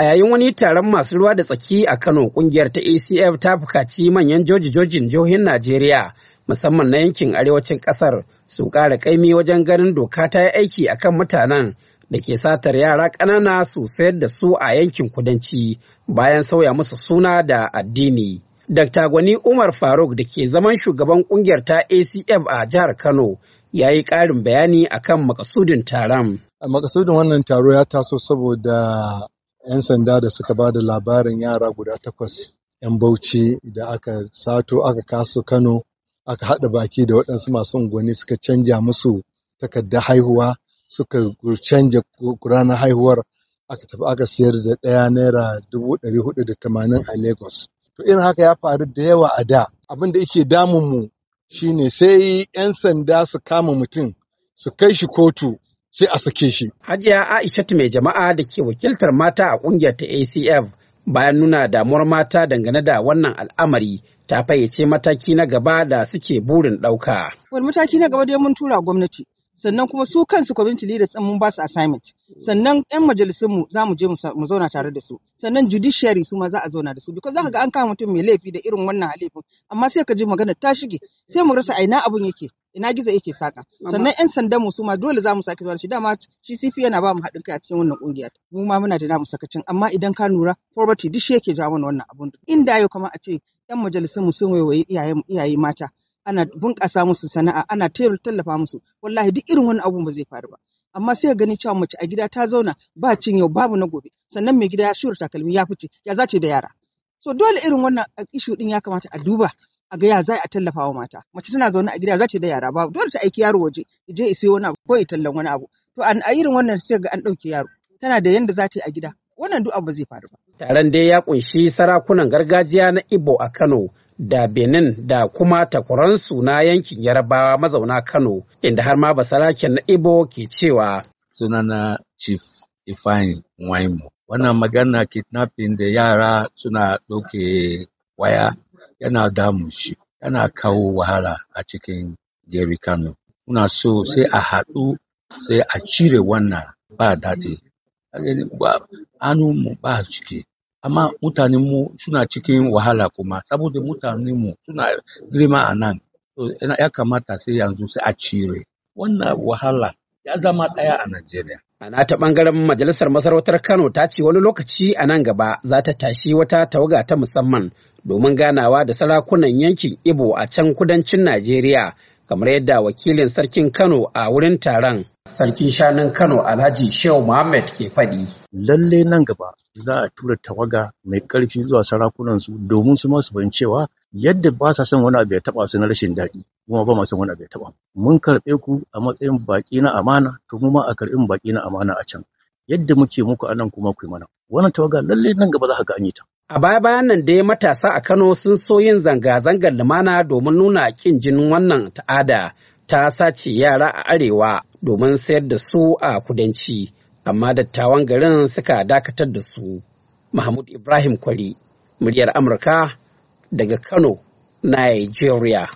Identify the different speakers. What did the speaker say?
Speaker 1: A yayin wani taron masu ruwa da tsaki a Kano kungiyar ta ACF ta fukaci manyan joji-jojin jihohin Najeriya musamman na yankin arewacin kasar su ƙara kaimi wajen ganin doka ta yi aiki a kan mutanen da ke satar yara ƙanana su sayar da su a yankin kudanci bayan sauya musu suna da addini. Dr. Gwani Umar Faruk da ke zaman shugaban kungiyar ta ACF a jihar Kano ya yi ƙarin bayani akan makasudin taron.
Speaker 2: makasudin wannan taro ya taso saboda ‘yan sanda da suka ba da labarin yara guda takwas ‘yan Bauchi da aka sato aka kasu Kano aka haɗa baki da waɗansu masu unguwanni suka canja musu takardar haihuwa suka canja ranar haihuwar aka tafi aka sayar da ɗaya naira dubu ɗari hudu da tamanin a Lagos. To irin haka ya faru da yawa a da abin da yake damun mu shine sai 'yan sanda su kama mutum su kai shi kotu sai a sake shi.
Speaker 1: Hajiya Aisha mai jama'a da ke wakiltar mata a kungiyar ta ACF bayan nuna damuwar mata dangane da wannan al'amari ta fayyace mataki na gaba da suke burin ɗauka.
Speaker 3: Wani mataki na gaba dai mun tura gwamnati sannan kuma su kansu community leaders mun ba su assignment sannan yan majalisun mu za mu je mu zauna tare da su sannan judiciary su ma za a zauna da su za zaka ga an kama mutum mai laifi da irin wannan halifin amma sai ka ji magana ta shige sai mu rasa aina abun yake ina gizo yake saka sannan yan sandan mu su ma dole za mu sake zuwa shi dama shi CP yana ba mu haɗin kai a cikin wannan kungiya mu ma muna da namu sakacin amma idan ka lura poverty duk shi yake jawo mana wannan abun inda yau kuma a ce yan majalisun mu sun waiwayi iyaye mata ana bunƙasa musu sana'a ana tallafa musu wallahi duk irin wani abun ba zai faru ba amma sai gani cewa mace a gida ta zauna ba cin yau babu na gobe sannan mai gida ya shura takalmi ya fice ya zace da yara so dole irin wannan ishu din ya kamata a duba a ga ya za a tallafa wa mata mace tana zaune a gida za ta da yara ba dole ta aiki yaro waje je ya siyo wani abu ko ya tallan wani abu to an a irin wannan sai ga an ɗauke yaro tana da yanda za ta yi a gida wannan duk abu zai faru ba.
Speaker 1: Taron dai ya kunshi sarakunan gargajiya na Ibo a Kano da Benin da kuma su na yankin Yarabawa mazauna Kano inda har ma basaraken na
Speaker 4: Ibo ke cewa. Sunana Chief Ifeanyi Nwaimo. Wannan magana kidnapping da yara suna ɗauke waya yana damun shi yana kawo wahala a cikin jeri Kano muna so sai a haɗu sai a cire wannan ba daɗi hannunmu ba ciki amma mu suna cikin wahala kuma saboda mu suna girma a nan ya kamata sai yanzu sai a cire wannan wahala ya zama ɗaya a Najeriya.
Speaker 1: Ana ta ɓangaren Majalisar Masarautar Kano ta ce wani lokaci a nan gaba za ta tashi wata tawaga ta musamman domin ganawa da sarakunan yankin Ibo a can kudancin Najeriya kamar yadda wakilin sarkin Kano a wurin taron. Sarkin shanun Kano Alhaji Shehu Muhammad ke faɗi. Lalle nan gaba
Speaker 4: za a tura tawaga mai ƙarfi zuwa sarakunan su domin su masu cewa yadda ba sa son wani abu ya taɓa su na rashin daɗi kuma ba ma wani abu ya taɓa. mun karɓe ku a matsayin baƙi na amana to mu ma a karɓi baƙi na amana a can yadda muke muku a nan kuma ku mana wannan tawaga
Speaker 1: lalle nan gaba za ka ga an yi ta A baya-bayan nan dai matasa a Kano sun so yin zanga-zangar lumana domin nuna ƙin jinin wannan ta'ada ta sace yara a arewa domin sayar da su a kudanci, amma dattawan garin suka dakatar da su.
Speaker 4: Mahmud Ibrahim Kwari, muryar Amurka daga Kano, Nigeria.